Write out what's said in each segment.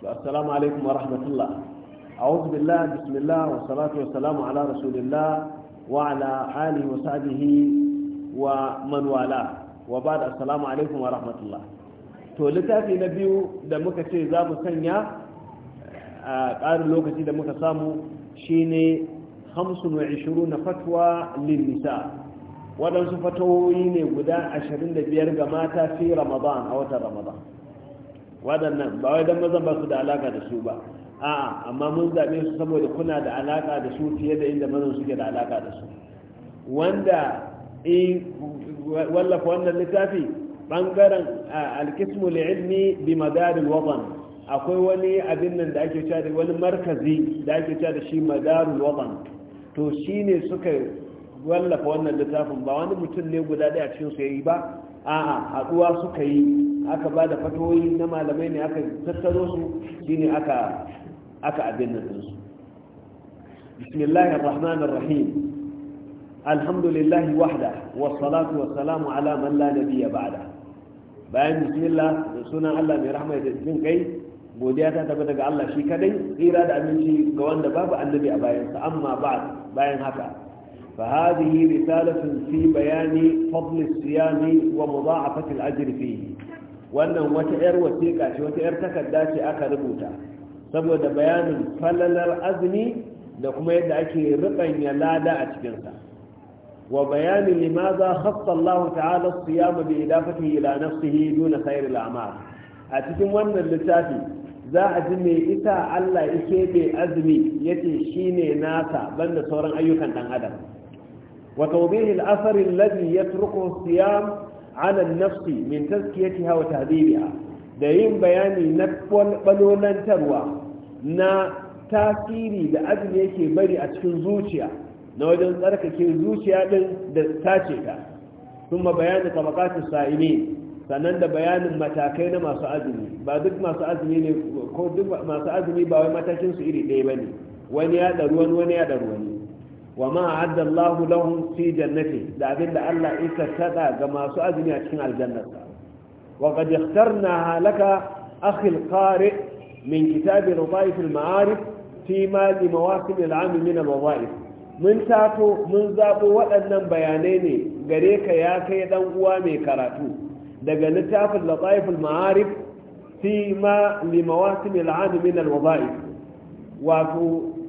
السلام عليكم ورحمة الله أعوذ بالله بسم الله والصلاة والسلام على رسول الله وعلى آله وصحبه ومن والاه وبعد السلام عليكم ورحمة الله to littafi na biyu da muka ce zamu sanya a lokaci da muka samu shine 25 na fatwa lin nisa waɗansu fatawoyi ne guda 25 ga mata ramadan a watan ramadan waɗannan ba wai dan mazan ba su da alaka da su ba a'a amma mun zaɓe su saboda kuna da alaka da su fiye da inda mazan suke da alaka da su wanda in wallafa wannan littafi bangaren alkismu li'ilmi bi madarin wadan akwai wani abin nan da ake cewa wani markazi da ake cewa da shi madarul wadan to shine suka wallafa wannan littafin ba wani mutum ne guda ɗaya cikin su yayi ba a'a haduwa suka yi aka ba da fatoyi na malamai ne aka tattaro su shine aka aka abin nan su bismillahir rahmanir wahda wassalatu wassalamu ala man la nabiyya ba'da bayan bismillah da sunan Allah mai rahma da jin kai godiya ta tafi daga Allah shi kadai tsira da aminci ga wanda babu annabi a bayansa amma ba bayan haka فهذه رسالة في بيان Wannan الصيام 'yar الأجر فيه wata 'yar takarda وتئر aka rubuta, saboda bayanin falalar azumi da kuma yadda ake riɓanya lada a cikinsa wa bayanin limaza khassa Allah ta'ala siyama bi idafatihi ila nafsihi duna khairil a'mal a cikin wannan littafi za a ji me ita Allah yake bai azumi yace shine nasa banda sauran ayyukan ɗan adam وتوضيح الأثر الذي nafsi الصيام على النفس من تزكيتها وتهذيبها دين yin نكبل بلولا تروى نا tasiri da azumi yake bari a cikin zuciya na wajen tsarkake zuciya din da tace ta sun bayanin sannan da bayanin matakai na masu azumi ba duk masu azumi ne ko duk masu azumi ba wai matakin su iri ɗaya bane wani ya ɗaru wani wani ya ɗaru wani wa ma adda Allahu lahum fi jannati da abin da Allah ita tada ga masu azumi a cikin aljannar wa qad ikhtarna laka akhi al min kitab al-radaif maarif fi ma li mawasim al min al mun tato mun zabo waɗannan bayanai ne gare ka ya kai dan uwa mai karatu daga littafin lataif al-ma'arif fi ma li mawasim al min al wato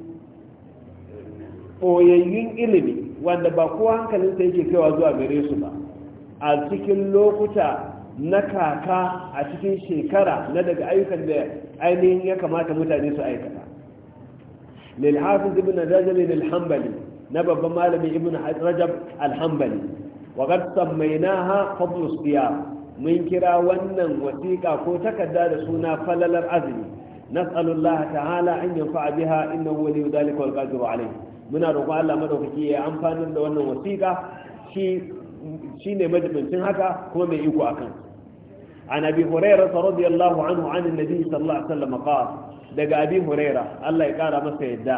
koyayyun ilimi wanda ba kowa hankalinsa yake kaiwa zuwa gare su ba a cikin lokuta na kaka a cikin shekara na daga ayyukan da ainihin ya kamata mutane su aikata lilhafiz ibn rajab al-hanbali na babban malami ibn rajab al-hanbali wa qad sammaynaha fadl siyam mun kira wannan wasiƙa ko takarda da suna falalar azumi nas'alullah ta'ala an yanfa'a biha innahu waliyyu dhalika wal qadiru alayhi muna roƙon Allah madaukaki ya amfanin da wannan wasiƙa shi shine majibincin haka kuma mai iko akan an abi hurairah radiyallahu anhu an annabi sallallahu alaihi wasallam qala daga abi hurairah Allah ya kara masa yadda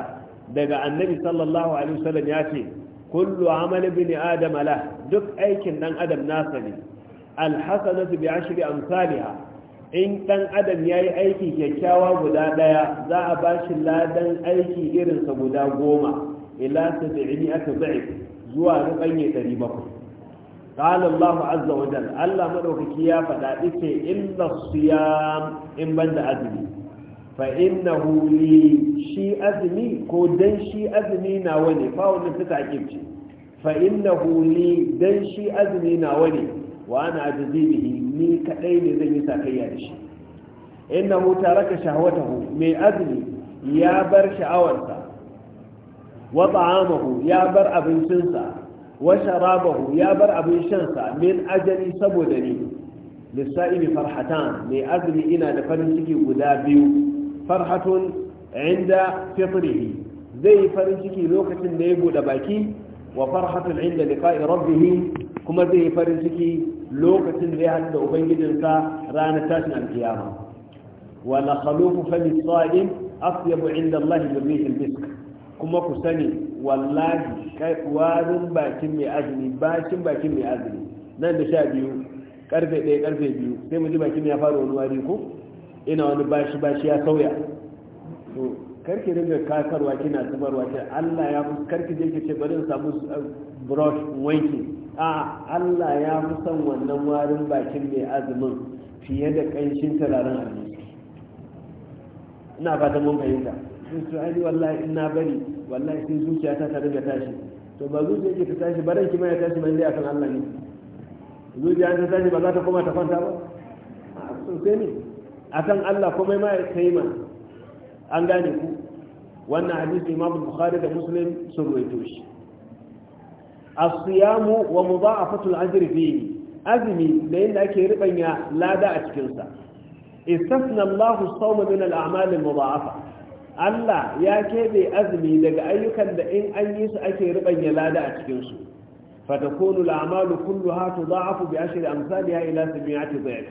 daga annabi sallallahu alaihi wasallam ya ce kullu amali bin adam lah duk aikin dan adam nasa ne alhasanatu bi ashri amsalha in dan adam ya yi aiki kyakkyawa guda daya za a bashi ladan aiki irinsa guda goma ila sab'ini aka da'if zuwa rubanye 700 qala Allah azza wa jalla Allah madaukaki ya faɗa ita illa siyam in banda azumi fa innahu li shi azumi ko dan shi azumi na wani fa wannan suka akibci fa innahu li dan shi azumi na wani wa ana ajzi bihi ni kadai ne zan yi sakayya da shi innahu taraka shahwatahu mai azumi ya bar sha'awarsa wa ta'amahu ya bar abincinsa wa sharabahu ya bar abin shansa min ajali saboda ni lissa'imi farhatan mai azumi ina da farinciki guda biyu farhatun inda fitrihi zai yi farin lokacin da ya bude baki wa farhatun inda liqa'i rabbih kuma zai yi farin lokacin da ya haɗu da ubangijinsa ranar tashin alkiyama wa la khalufu fami sa'im asyabu inda Allah bi rihil misk kuma ku sani wallahi warin bakin mai azumi bakin bakin mai azumi nan da sha biyu karfe ɗaya karfe biyu sai mu ji bakin ya fara wani wari ko ina wani bashi bashi ya sauya to karki ringa kasarwa kina zubarwa ta Allah ya fi karki je ki ce bari in samu eh, brush wanki a Allah ya fi son wannan warin bakin mai azumin fiye da ƙanshin turaren abinci ina fatan mun fahimta sai su ai wallahi in na bari wallahi sai zuciya ta ta daga tashi to ba zuciya ke ta tashi baran ki ma ya tashi mai dai akan Allah ne zuciya ta tashi ba za ta koma ta kwanta ba a sai ne akan Allah komai ma ya kai ma an gane ku wannan hadisi Imam Bukhari da Muslim sun ruwaito shi wa الصيام ومضاعفة الأجر فيه أزمي لأن أكي ربنا لا داء تكنسا استثنى الله الصوم من الأعمال المضاعفة Allah ya keɓe azumi daga ayyukan da in an yi su ake ya lada a cikinsu fatakonu la'amalu kullu ha tu za'afu bi ashri amsalha ila sami'ati dhayf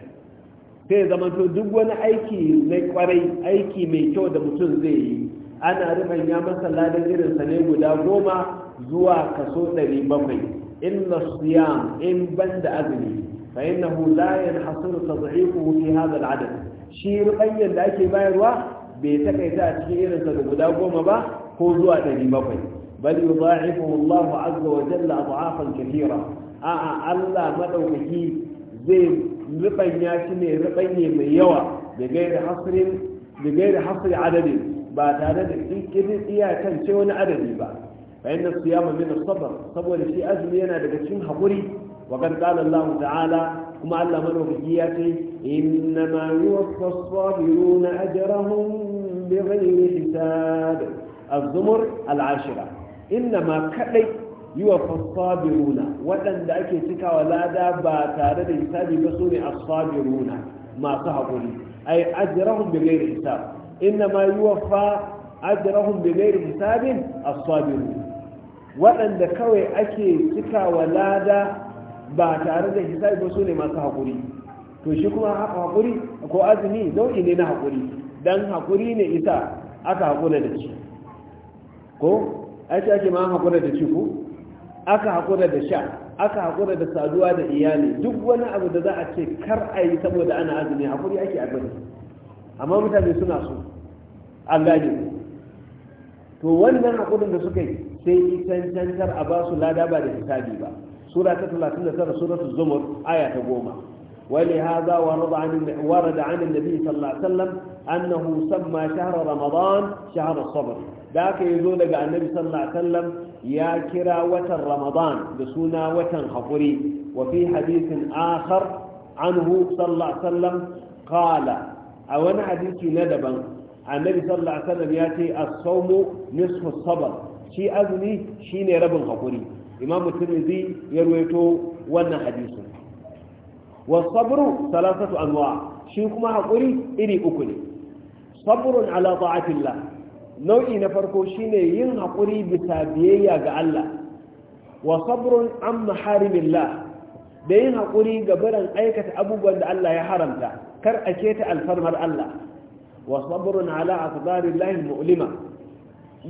sai zaman to duk wani aiki na kwarai aiki mai kyau da mutum zai yi ana ya masa ladan irin sa ne guda goma zuwa kaso 700 inna siyam in banda azumi fa innahu la yanhasiru tad'ifuhu fi hadha al'adad shi ribanyan da ake bayarwa bai taƙaita a cikin irinsa da guda goma ba ko zuwa ɗari bakwai bal yudha'ifuhu Allah azza wa jalla adhafan kathira a'a Allah madaukaki zai rubanya shi ne rubanye mai yawa da gairi hasrin da gairi hasri adadin ba tare da iya iyakan ce wani adadi ba fa inna siyama min as-sabr saboda shi azumi yana daga cikin hakuri wa kan qala Allah ta'ala kuma Allah madaukaki ya ce innama yuwaffa as-sabiruna ajrahum بغير حساب الزمر العاشرة إنما كلي يوفى الصابرون وأن ذاك يتكى ولا دابا تارد حساب بصوني الصابرون ما تهقوني أي أجرهم بغير حساب إنما يوفى أجرهم بغير حساب الصابرون وأن ذاك يتكى ولا دابا ba tare da hisabi ba su ne masu haƙuri to shi kuma haƙuri ko azumi nau'i ne na haƙuri dan hakuri ne isa aka hakura da shi. ko ai ake ma hakura da shi ko aka hakura da sha aka hakura da saduwa da iyali duk wani abu da za a ce kar a yi saboda ana azumi hakuri ake a bari amma mutane suna so an gane to wannan hakurin da suka yi sai yi cancantar a ba su lada ba da hisabi ba sura ta 39 ta zumur aya ta goma ولهذا ورد عن ورد عن النبي صلى الله عليه وسلم أنه سمى شهر رمضان شهر الصبر ذاك يقول لك النبي صلى الله عليه وسلم يا كرا وتر رمضان بسنا وتن خفري وفي حديث آخر عنه صلى الله عليه وسلم قال أو أنا حديث ندبا النبي صلى الله عليه وسلم ياتي الصوم نصف الصبر شي أذني شي رب الخفري إمام الترمذي يرويته وانا حديثه wasabru salasatu anwa shi kuma hakuri iri uku ne sabrun ala ta'atillah nau'i na farko shine yin hakuri bisa biyayya ga Allah wa sabrun an maharimillah da yin hakuri ga biran aikata abubuwan da Allah ya haramta kar a keta alfarmar Allah wa sabrun ala aqdarillahi mu'lima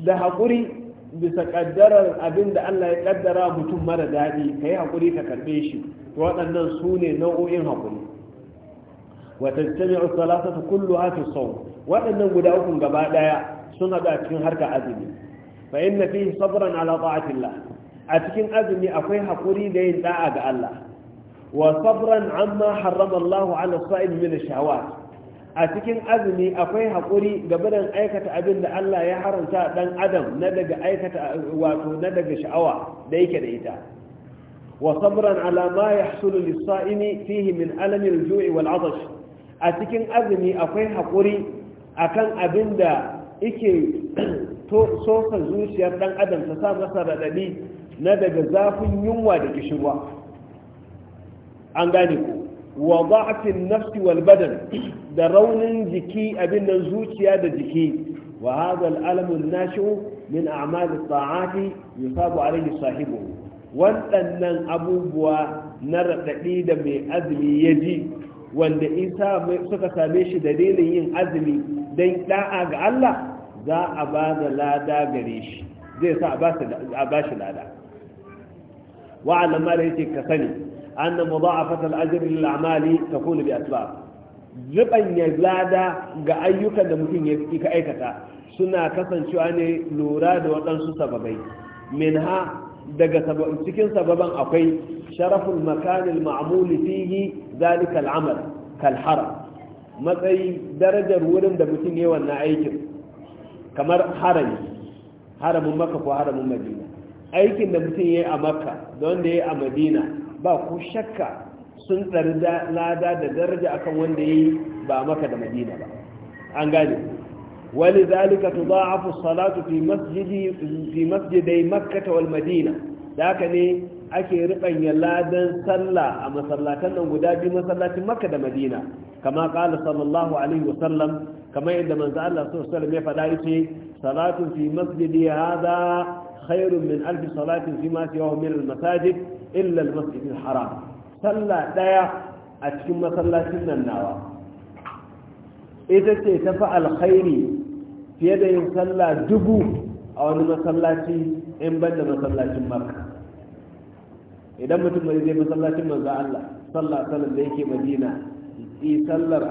da hakuri bisa kaddarar abin da Allah ya kaddara mutum mara daɗi ka yi haƙuri ka karɓe shi waɗannan su ne nau'o'in haƙuri wata jami'ar salata ta kullu hafi sau waɗannan guda uku gaba ɗaya sun haɗu a cikin harkar azumi fa inna fihi sabran ala ta'atillah a cikin azumi akwai haƙuri da yin da'a ga Allah wa sabran amma harrama Allah ala sa'id min shahawat a cikin azumi akwai haƙuri gaba da aikata abin da Allah ya haramta dan adam na daga aikata wato na daga sha'awa da yake da ita wa sabran ala ma yahsulu lis-sa'imi fihi min alami al-ju'i wal a cikin azumi akwai haƙuri akan abin da yake sosa zuciyar dan adam ta sa masa raɗaɗi na daga zafin yunwa da kishirwa an gane ku wa da'afin nafsi wal badan da raunin jiki abin nan zuciya da jiki wa hadha al alamu min a'mal al ta'ati yusabu alayhi sahibu waɗannan abubuwa na raɗaɗi da mai azumi ya ji wanda isa suka same shi dalilin yin azumi don ɗa'a ga Allah za a ba da lada gare shi zai sa a ba shi lada wa'annan mara yake ka sani أن مضاعفة الأجر للأعمال تكون بأسباب زبن يزادا ga ayyukan da mutum ya aikata suna kasancewa ne lura da waɗansu sababai ha, daga cikin sababan akwai sharaful makanil ma'amuli fihi zalika al'amal kal matsayi darajar wurin da mutum ya wannan aikin kamar harami haramin maka ko haramin madina aikin da mutum ya yi a makka da wanda ya yi a madina ba ku shakka sun tsari lada da daraja akan wanda ya yi ba maka da madina ba an gane wani zalika tu za a salatu fi masjidai makkata wal madina da haka ne ake riɓanya ladan sallah a masallatan nan guda biyu masallacin makka da madina kama kala sallallahu alaihi wasallam kama yadda manzo Allah sallallahu alaihi wasallam ya faɗa yace salatu fi masjidi hadha khairun min alfi salatin fi ma siwahu min al-masajid illa al haram sallah ɗaya a cikin masallacin nan nawa ita ce tafi fi alkhairi fiye da yin sallah dubu a wani masallaci in ban da masallacin makka idan mutum mai zai masallacin manzo Allah sallah sallar da madina sallar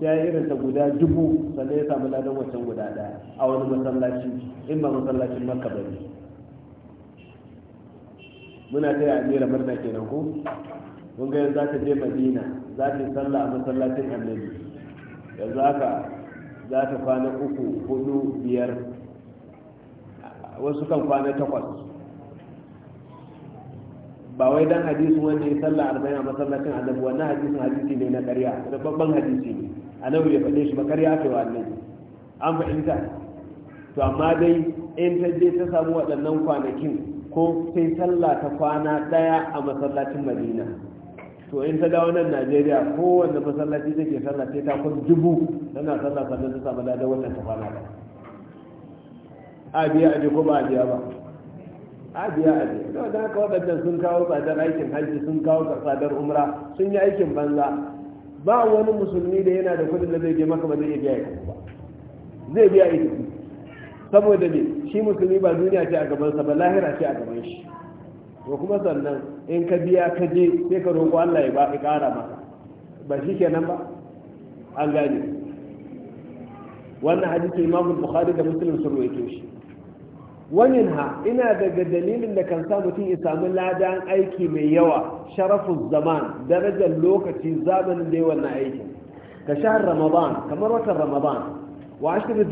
ya yi irinsa guda dubu sannan ya samu ladan wancan guda daya a wani masallaci in ba masallacin makka ba ne muna yi amira murna kenan ko mun ga za ta je madina za ta yi sallah a masallacin annabi yanzu haka za ta kwana uku hudu biyar wasu kan kwana takwas ba wai dan hadisin wanda ya sallah arba'in a masallacin annabi wannan hadisin hadisi ne na ƙarya da babban hadisi ne nan ya faɗe shi ba ya ake wannan. an fahimta to amma dai in ta je ta samu waɗannan kwanakin ko sai sallah ta kwana ɗaya a masallacin madina to in ta dawo nan najeriya kowanne masallaci take sallah sai ta kun dubu tana sallah sannan ta samu ladan wannan ta kwana ɗaya a biya a ko ba a biya ba a biya a biya da haka waɗannan sun kawo tsadar aikin hajji sun kawo tsadar umra sun yi aikin banza ba wani musulmi da yana da kudin da zai je maka ba zai iya biya ya ba zai biya ya tafi saboda me shi musulmi ba duniya ce a gabansa ba lahira ce a gaban shi to kuma sannan in ka biya ka je sai ka roƙo Allah ya ba ya ƙara maka ba shi kenan ba an gane wannan hadisi imamu bukhari da muslim sun ruwaito shi waminha ina daga dalilin da kan sa mutum ya samu ladan aiki mai yawa sharafin zaman darajar lokaci zamanin da wannan aikin ka shahar ramadan kamar watan ramadan wa ashirin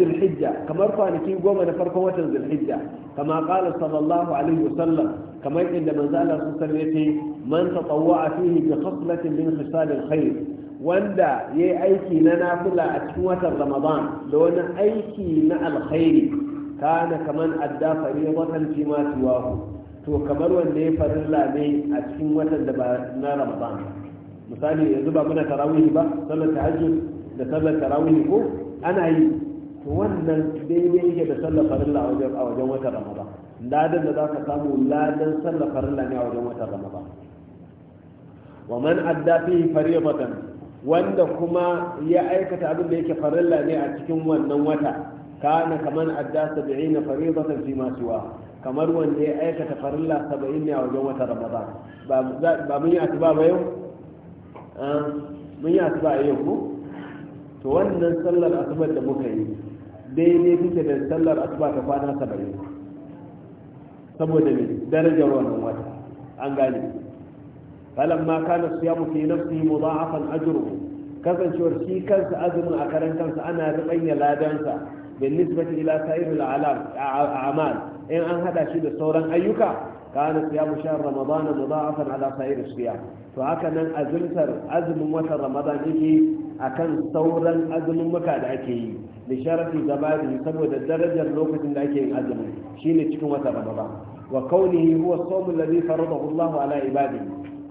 kamar kwanaki goma na farkon watan zulhijja kama kala sallallahu alaihi wasallam kamar inda manzo sun san yace man a fihi bi khaslatin min khisalil khair wanda yayi aiki na nafila a cikin watan ramadan da wani aiki na alkhairi kana kamar adda fariidatan fi ma siwahu to kamar wanda ya farilla ne a cikin watan da ba na ramadan misali yanzu ba muna tarawih ba sallar tahajjud da sallar tarawih ko ana yi to wannan daidai yake da sallar farilla a wajen a wajen watan ramadan ladan da zaka samu ladan sallar farilla ne a wajen watan ramadan wa man adda fi fariyatan wanda kuma ya aikata abin da yake farilla ne a cikin wannan wata kana kamar adda 70 fariidatan fi ma siwa kamar wanda ya aikata farilla 70 ne a wajen wata ramadan ba mun yi asuba ba yau ah, mun yi asuba a yau ko to wannan sallar asubar da muka yi daidai take da sallar asuba ta kwana 70 saboda ne darajar wannan wata an gane فلما كان الصيام في نفسه مضاعفا اجره kasancewar shi kansa azumin a karan kansa ana rubanya ladansa بالنسبة إلى سائر الأعمال إن أن هذا شيء صورا أيك كان صيام شهر رمضان مضاعفا على سائر الصيام فهكذا أزمتر أزم وتر رمضان إيكي أكن صورا أزم مكاد أكي لشرف زمانه سبب الدرجة الوقت اللي أكي أزم شيء تكون وتر رمضان وكونه هو الصوم الذي فرضه الله على عباده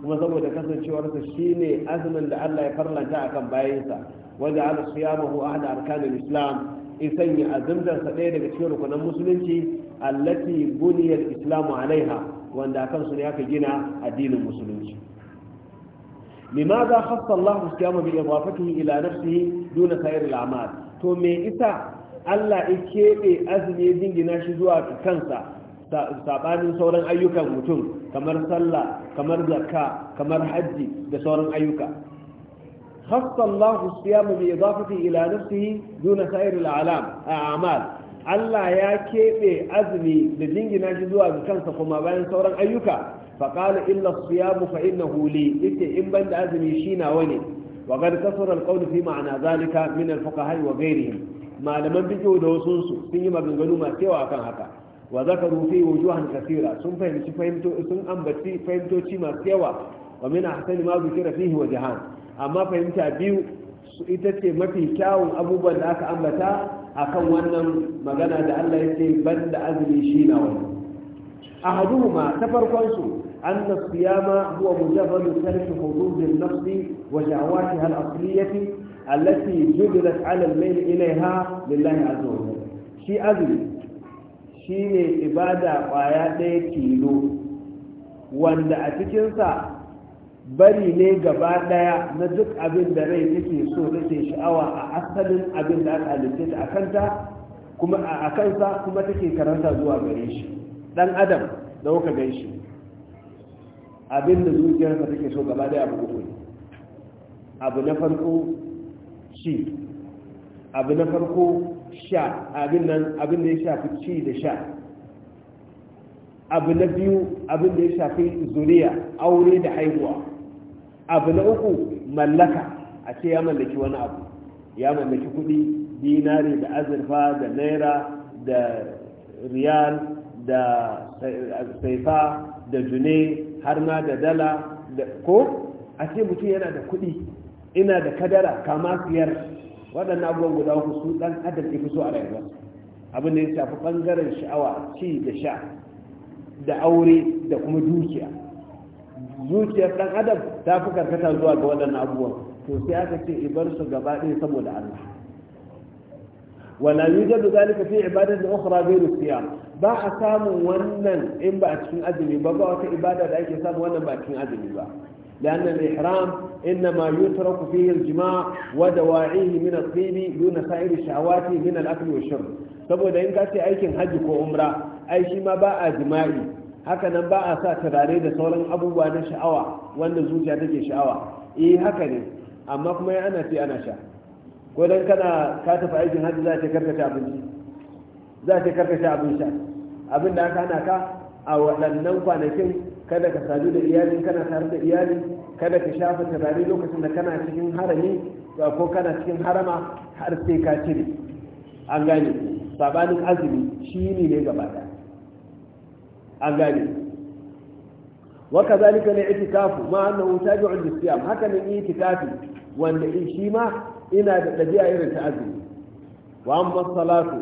kuma saboda kasancewarsa shine azumin da Allah ya farlanta akan bayansa wanda ala siyamahu ahad arkanul islam isanya azumtarsa ɗaya daga cikin rukunan musulunci allati buniyar islamu alaiha wanda akan su ne aka gina addinin musulunci limaza khassa Allah siyama bi idafatihi ila nafsihi duna sayar al to me isa Allah ya keɓe azumi jingina shi zuwa kansa saɓanin sauran ayyukan mutum kamar sallah kamar zakka kamar hajji da sauran ayyuka خص الله الصيام بإضافته إلى نفسه دون سائر الأعلام أعمال Allah ya keɓe azumi da jingina shi zuwa ga kansa kuma bayan sauran ayyuka faƙala illa siyamu fa inna huli ita in ban da azumi shi nawa ne wa qad kasara al fi ma'ana zalika min al-fuqaha wa malaman fiqh da wasu su sun yi maganganu masu akan haka wa zakaru fi wujuhan kathira sun fahimci fahimto ambaci fahimtoci masu yawa wa min ahsani ma dhukira fihi wajhan amma fahimta biyu su ita ce mafi kyawun abubuwan da aka ambata a kan wannan magana da allah ya ce ban da azumi shi na wani a hadu ma ta farkonsu an na siya ma huwa mujabalu tarihi hududin nafsi wa jawati hal asliyati allati jubilat ala al-mayl ilayha lillahi azza wa shi azumi shine ibada kwaya daya tilo wanda a cikin sa bari ne gaba daya na duk abin da rai take so take sha'awa a asalin abin da aka halitta ta akanta kuma a kansa kuma take karanta zuwa gare shi dan adam da kuka gan shi abin da ta take so gaba daya abu ne abu na farko shi abu na farko sha abin nan abin da ya shafi ci da sha abu na biyu abin da ya shafi zuriya aure da haihuwa abu na uku mallaka a ce ya mallaki wani abu ya mallaki kuɗi dinari da azurfa da naira da riyal da saifa da june har ma da dala ko a ce mutum yana da kuɗi ina da kadara kama siyar waɗannan abubuwan guda uku su ɗan adam ifi so a rayuwa abin da ya shafi ɓangaren sha'awa ci da sha da aure da kuma dukiya zuciyar dan adam ta fi karkata zuwa ga waɗannan abubuwan to sai aka ce ibar su gaba ɗaya saboda Allah wala yujadu zalika fi da ukhra ghayru siya ba a samu wannan in ba a cikin azumi ba ba wata ibada da ake samun wannan ba cikin azumi ba لأن الإحرام إنما يترك فيه الجماع ودواعيه من الطيب دون سائر الشهوات من الأكل والشرب saboda in ka ce aikin hajji ko umra ai shima ba a jima'i haka nan ba a sa turare da sauran abubuwa na sha'awa wanda zuciya take sha'awa eh haka ne amma kuma ya ana ce ana sha ko dan kana ka tafi aikin hajji za ta karkashe abinci za ka karkashe abin sha abinda da aka ana ka a waɗannan kwanakin kada ka sadu da iyali kana tare da iyali kada ka shafa turare lokacin da kana cikin harami ko kana cikin harama har sai ka cire an gane sabanin azumi shi ne ne gaba ɗaya an gane waka zalika ne itikafu ma annahu tabi'un lisiyam haka ne itikafi wanda in shi ma ina da ɗabi'a irin ta azumi wa amma salatu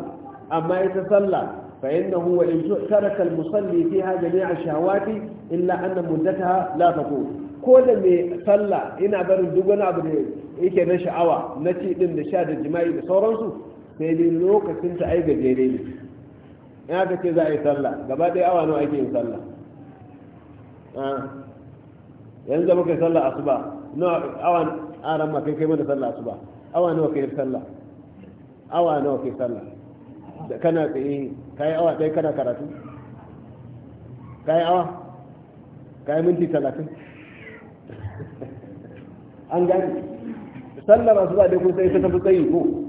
amma ita sallah fa innahu wa in taraka al-musalli fiha jami'a shahawati illa anna muddataha la taqul ko da mai sallah ina barin duk wani abu da yake na sha'awa na ci din da sha da jima'i da sauransu sai dai lokacin ta ai gajere ne in aka ce za a yi sallah gaba ɗaya awa nawa ake yin sallah ah, yanzu da muka yi sallah asuba nawa awa aran ma kai kai mana sallah asuba awa nawa kai sallah awa nawa kai sallah da kana tsaye kai awa ɗaya kana karatu kai awa kai minti talatin an gani sallar asuba dai kun sai ta tafi tsayi ko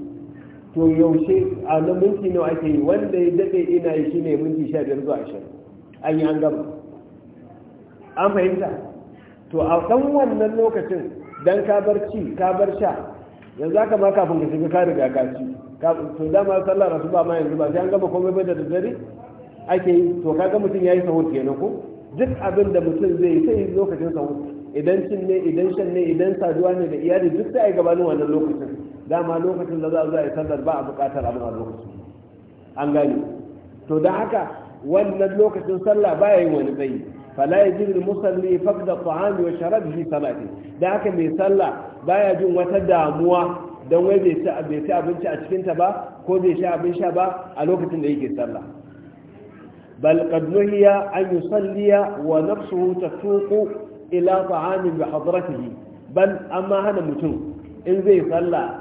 to yaushe a nan minti nawa ake yi wanda ya daɗe ina yi shi ne minti sha biyar zuwa ashirin an yi an gama an fahimta to a ɗan wannan lokacin dan ka bar ci ka bar sha yanzu aka ma kafin ka shiga ka riga ka ci to dama sallah rasu ba ma yanzu ba sai an gama komai ba da daddare ake yi to kaga mutum ya yi sahur kenan ko duk abin da mutum zai yi sai lokacin sahur idan cin ne idan shan ne idan saduwa ne da iyali duk sai a gabanin wannan lokacin dama lokacin da za a yi sallar ba a buƙatar abin a lokacin an gane to da haka wannan lokacin sallah ba ya yi wani tsayi fala ya jirin musalli faqda ta'ami wa sharabihi salati da haka mai sallah baya jin wata damuwa don wai bai ci abinci a cikinta ba ko bai sha abin sha ba a lokacin da yake sallah bal qad nuhiya an yusalliya wa nafsuhu tatuqu ila ta'amin bi hadratihi bal amma hana mutum in zai sallah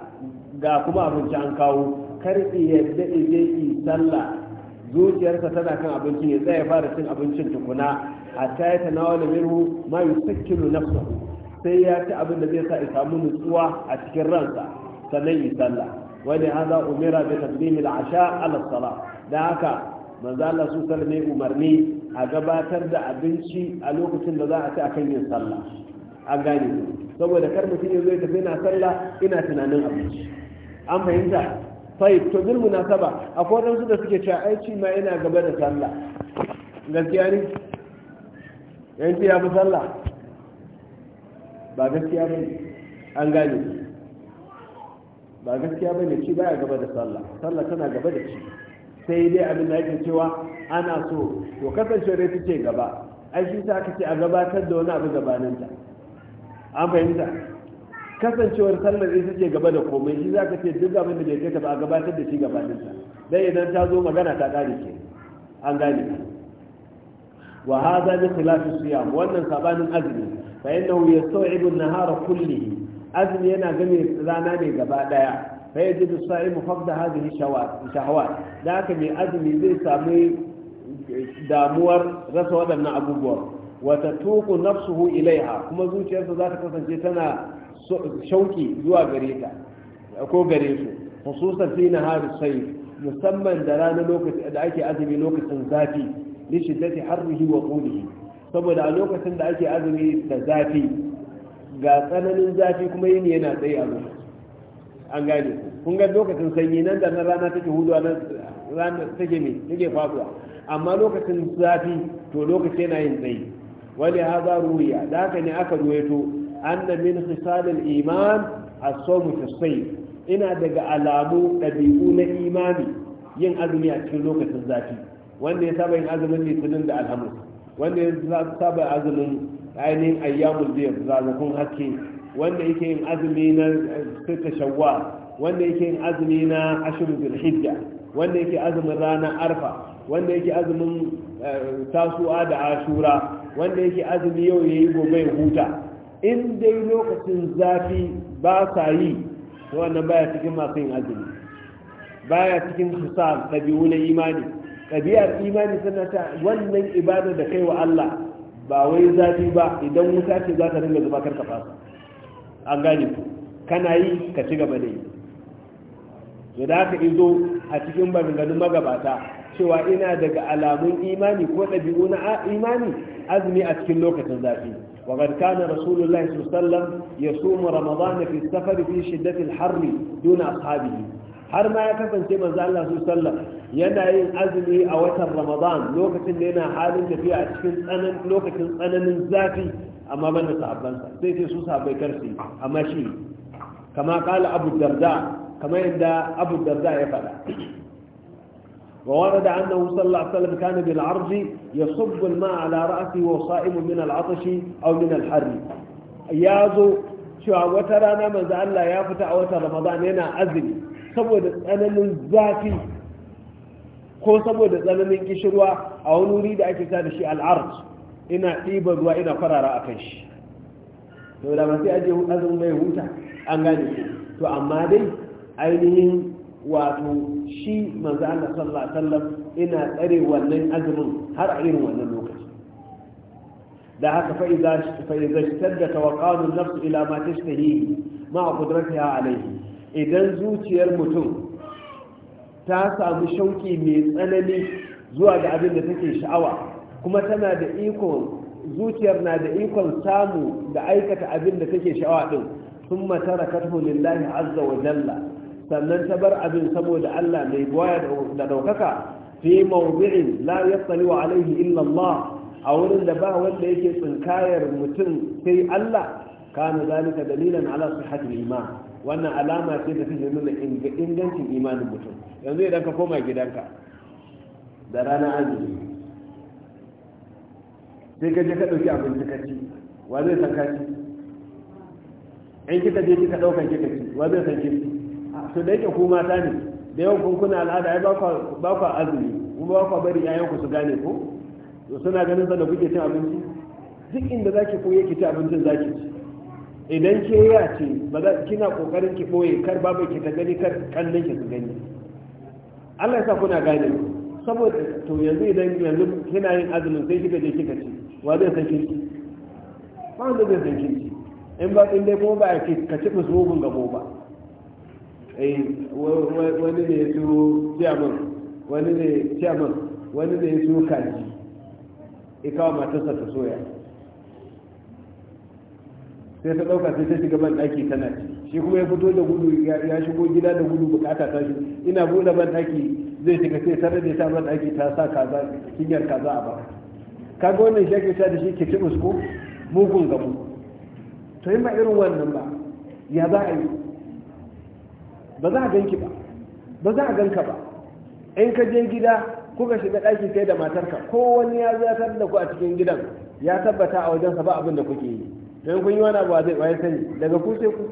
ga kuma abinci an kawo karfi yadda ije yi sallah zuciyarsa tana kan abincin ya tsaye fara cin abincin tukuna a ta nawa da minhu ma yusakkilu nafsahu sai ya ci abin da zai sa isa samu nutsuwa a cikin ransa sannan yi sallah wani haza umira da taqdim da asha ala da haka manzo Allah su sallame umarni a gabatar da abinci a lokacin da za a ci a kan yin sallah an gane saboda kar mutum ya zo ya tafi na sallah ina tunanin abinci an fahimta fai to bil munasaba akwai su da suke cewa aici ma yana gaba da sallah gaskiya ne yanzu ya fi sallah ba gaskiya ba an gane ba gaskiya ba ne ci baya gaba da sallah sallah tana gaba da ci sai dai abin da yake cewa ana so to kasancewar ya ce gaba ai shi sa aka ce a gabatar da wani abu gabaninta an fahimta kasancewar sallar ita ce gaba da komai shi zaka ce duk abin da bai kai ba a gabatar da shi gabanin sa dan idan ta zo magana ta kare ke an gane ka wa hadha bi khilafi siyam wannan sabanin azumi fa innahu yastawibu an-nahara kullihi azumi yana game rana ne gaba daya fa yajidu saimu faqda hadhihi shahawat da haka mai azumi zai sami damuwar rasa waɗannan abubuwa wata tuku nafsuhu ilaiha kuma zuciyarsa za ta kasance tana shauki zuwa gare ta ko gare su hususan fi haru sai musamman da ranar lokacin da ake azumi lokacin zafi li shiddati harrihi wa qulihi saboda a lokacin da ake azumi da zafi ga tsananin zafi kuma yini yana tsaye a lokacin an gane ku kun ga lokacin sanyi nan da nan rana take huduwa nan rana take me take faduwa amma lokacin zafi to lokaci yana yin tsaye wani haza ruwiya da haka ne aka ruwaito anna min khisalil iman as-sawm fi ina daga alamu ɗabi'u na imani yin azumi a cikin lokacin zafi wanda ya saba yin azumin litinin da alhamis wanda ya saba azumin ainihin ayyamul biyar zazakun haske wanda yake yin azumi na sita shawwa wanda yake yin azumi na ashirin zulhijja wanda yake azumin ranar arfa wanda yake azumin eh, tasu'a da ashura wanda yake azumi yau ya yi gobe ya huta in dai lokacin zafi ba sa yi to wannan baya cikin masu yin azumi baya cikin kusa ɗabi'u na imani ɗabi'ar imani tana ta wannan ibada da kai wa Allah ba wai zafi ba idan wuta ce za ta ringa zuba karka fasa an gane ku kana yi ka ci gaba da yi to da haka izo a cikin barganun magabata cewa ina daga alamun imani ko ɗabi'u na imani azumi a cikin lokacin zafi وقد كان رسول الله صلى الله عليه وسلم يصوم رمضان في السفر في شدة الحر دون أصحابه har ma ya kasance manzo Allah su sallam yana yin azumi a watan Ramadan lokacin da yana halin tafiya a cikin tsanan lokacin tsananin zafi amma ban da sahabbansa sai ce su sahabbai karsi amma shi kama kala Abu Darda kama yadda Abu Darda ya faɗa وورد أنه صلى الله عليه وسلم كان بالعرج يصب الماء على رأسه وصائم من العطش أو من الحر يازو شو وترانا من ذا الله يفتح وتر رمضان هنا أزمي saboda tsananin zafi ko saboda tsananin kishirwa a wani wuri da ake da shi al'arz ina ɗiban ruwa ina farara a kan shi to da masu aje azumin mai huta an gane to amma dai ainihin wato shi manzo Allah sallallahu alaihi wasallam ina tsare wannan azumin har a irin wannan lokaci da haka fa idza fa idza istadda tawaqqadu an-nafs ila ma tashtahi ma qudratiha alayhi idan zuciyar mutum ta samu shauki mai tsanani zuwa ga abin da take sha'awa kuma tana da ikon zuciyar na da ikon samu da aikata abin da take sha'awa din sun matara kathu lillahi azza wa jalla sannan ta bar abin saboda Allah mai buwaya da ɗaukaka fi mawdi'in la yattali wa alaihi illa Allah a wurin da ba wanda yake tsinkayar mutum sai Allah kana zalika dalilan ala sihhatil iman wannan alama ce da take nuna ingancin imanin mutum yanzu idan ka koma gidanka da rana azumi sai ka je ka dauki abinci ka ci wa zai san ka ci in kika je kika dauka kika ci wa zai san kika to da yake ku mata ne da yawan kun kuna al'ada ai ba ku azumi kuma ba ku bari ƴaƴan ku su gane ku? to suna ganin sa da kuke cin abinci duk inda zaki ko yake ci abincin zaki ci idan ke ya ce ba za kina kokarin ki boye kar babu ki ta gani kar kallon ki su gani Allah ya sa kuna gane saboda to yanzu idan yanzu kina yin azumin sai kika je kika ci wa zai san kinki ba wanda zai san kinki in ba in dai kuma ba ki ka ci musu hukun gabo ba Eh, wani ne ya siyo wani ne wani ne ya siyo kaji ikawa matarsa ta soya sai ta ɗauka sai ta shiga ban ɗaki tana ci shi kuma ya fito da gudu ya shigo gida da gudu bukata ta shi ina buɗe ban ɗaki zai shiga sai ta rage ta ban ɗaki ta sa kaza cinyar kaza a ba kaga wannan shi ake sa da shi ke ci mugun gabu to yi ma irin wannan ba ya za a yi ba za a ganki ba ba za a ganka ba in ka je gida kuka shiga ɗaki kai da matarka ko wani ya zartar da ku a cikin gidan ya tabbata a wajensa ba abin da kuke yi don kun yi wani abu zai waye sani daga ku sai ku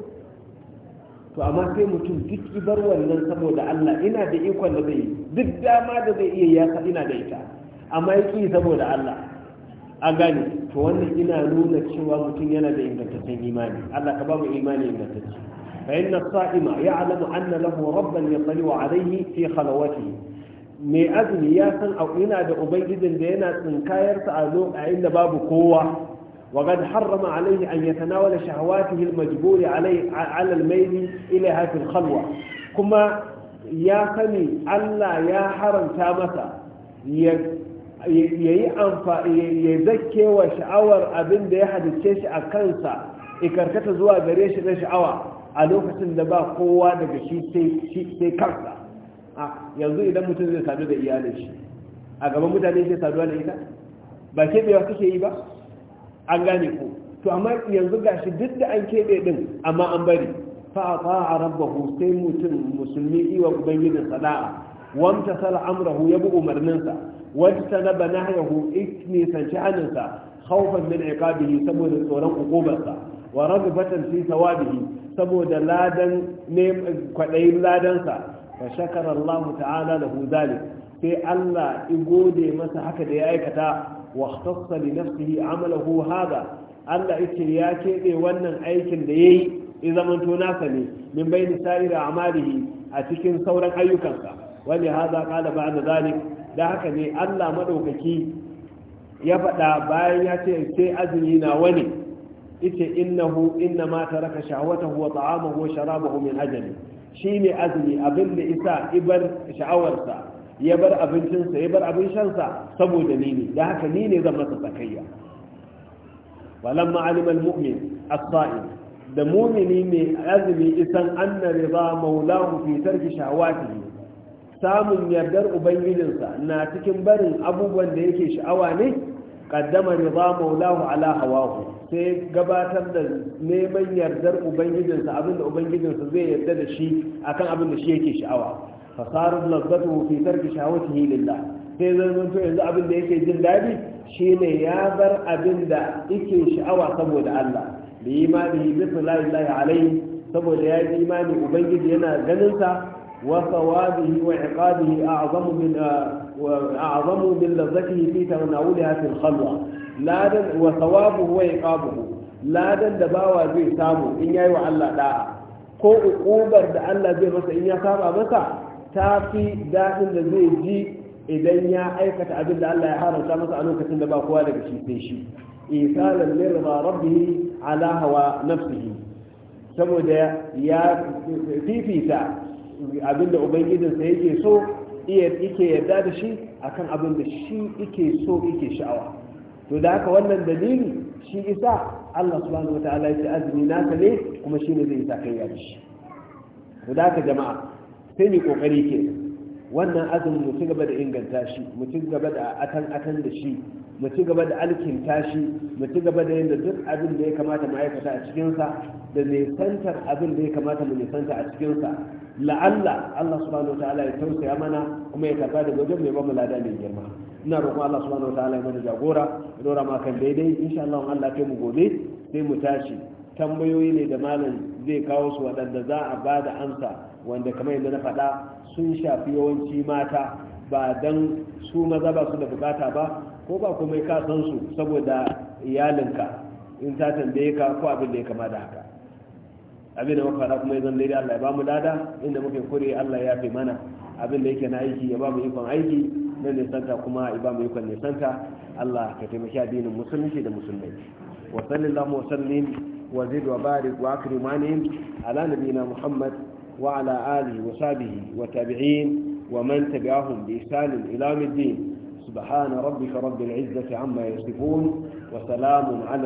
to amma sai mutum duk ibar wannan saboda Allah ina da ikon da zai yi duk dama da zai iya yasa ina da ita amma ya ƙi saboda Allah a gani to wannan ina nuna cewa mutum yana da ingantaccen imani Allah ka ba mu imani ingantacce فإن الصائم يعلم أن azumi ya san a ina da ubangijin da yana tsinkayar ta a zo babu kowa wa gad harrama alaihi an yatanawala shahawatihi almajburi alaihi ala almayli ila hafi alkhalwa kuma ya sani Allah ya haramta masa yayi amfa ya zakke sha'awar abin da ya hadice shi a kansa ikarkata zuwa gare shi na sha'awa a lokacin da ba kowa daga shi sai karsa, a yanzu idan mutum zai sadu da iyalin shi a gaban mutane sai saduwa da ita ba keɓewa suke yi ba an gane ku to amma yanzu gashi duk da an keɓe din amma an bari fa a fa'a rabbahu sai mutum musulmi iwa ubangijin sana'a wamta sala amrahu ya bi umarninsa wata sanaba nahayahu ikni sanci hannunsa khawfan min iqabihi saboda tsoron ukubarsa wa ragbatan fi sawabihi saboda ladan ne kwadayin ladansa fa shakara Allah ta'ala lahu zalik sai Allah i gode masa haka da ya aikata wa ikhtassa li nafsihi amalahu hada Allah yace ya kebe wannan aikin da yayi in zamanto nasa ne min bayni sa'ira amalihi a cikin sauran ayyukansa wani haza kala ba da zalik da haka ne allah maɗaukaki ya faɗa bayan ya ce sai azumi na wani ita innahu inna ma taraka shahwatahu wa ta'amahu wa sharabahu min ajali shine azumi abin da isa ibar sha'awarsa ya bar abincinsa ya bar abin shansa saboda ni ne da haka ni ne zan masa sakayya walamma alima almu'min as-sa'im da mu'mini mai azumi isan anna rida maulahu fi tarki shahawatihi samun yardar ubangijinsa na cikin barin abubuwan da yake sha'awa ne qaddama rida maulahu ala hawahu sai gabatar da neman yardar ubangijinsa abinda ubangijinsa zai yarda da shi akan abin da shi yake sha'awa fasarar lazzatu fi tarki shahawatihi lillah sai zan to yanzu abin da yake jin dadi shine ya bar abin da yake sha'awa saboda Allah bi imanihi bi sallallahu alaihi saboda ya yi imani ubangiji yana ganin sa wa sawabihi wa iqabihi a'zamu min a'zamu min lazzatihi fi tanawuliha fil khalwa ladan wa thawabuhu wa iqabuhu ladan da bawa zai samu in yayi wa Allah da'a ko uqubar da Allah zai masa in ya saba masa ta fi dadin da zai ji idan ya aikata abin da Allah ya haramta masa a lokacin da ba kowa daga shi sai shi isalan lirma rabbihi ala hawa nafsihi saboda ya fifita abin da ubangijinsa yake so iya yake yarda da shi akan abin da shi yake so yake sha'awa to da haka wannan dalili shi isa Allah subhanahu wataala ya ce azumi naka ne kuma shi ne zai sa kai ya shi to da haka jama'a sai mu kokari ke wannan azumin mu ci gaba da inganta shi mu ci gaba da atan atan da shi mu ci gaba da alkinta shi mu ci gaba da yadda duk abin da ya kamata mu aikata a cikinsa da nisantar abin da ya kamata mu nisanta a cikinsa la'alla Allah subhanahu wataala ya tausaya mana kuma ya karba da wajen mai ba mu lada mai girma ina roƙon Allah subhanahu wataala ya mana jagora ya dora ma kan daidai insha Allah Allah ta mu gobe sai mu tashi tambayoyi ne da malam zai kawo su waɗanda za a ba da amsa wanda kamar yadda na faɗa sun shafi yawanci mata ba dan su maza ba su da bukata ba ko ba kuma ka san su saboda iyalinka in ta tambaye ka ko abin da ya kama da haka abin da muka kuma ya zan daidai Allah ya ba mu lada inda muke kure Allah ya fi mana abin da yake na aiki ya ba mu ikon aiki na nisanta kuma iba mu yukon nisanta Allah ka taimaki addinin musulunci da musulmai wa sallallahu wa sallim wa zid wa barik wa akrimanihim ala nabiyina Muhammad wa ala alihi wa sahbihi wa tabi'in wa man tabi'ahum bi ihsan ila yawmiddin subhana rabbika rabbil izzati amma yasifun wa salamun ala